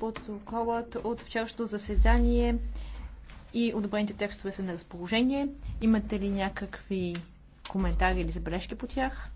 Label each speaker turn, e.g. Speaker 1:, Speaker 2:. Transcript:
Speaker 1: Протоколът от вчерашното заседание и одобрените текстове са на разположение. Имате ли някакви коментари или забележки по тях?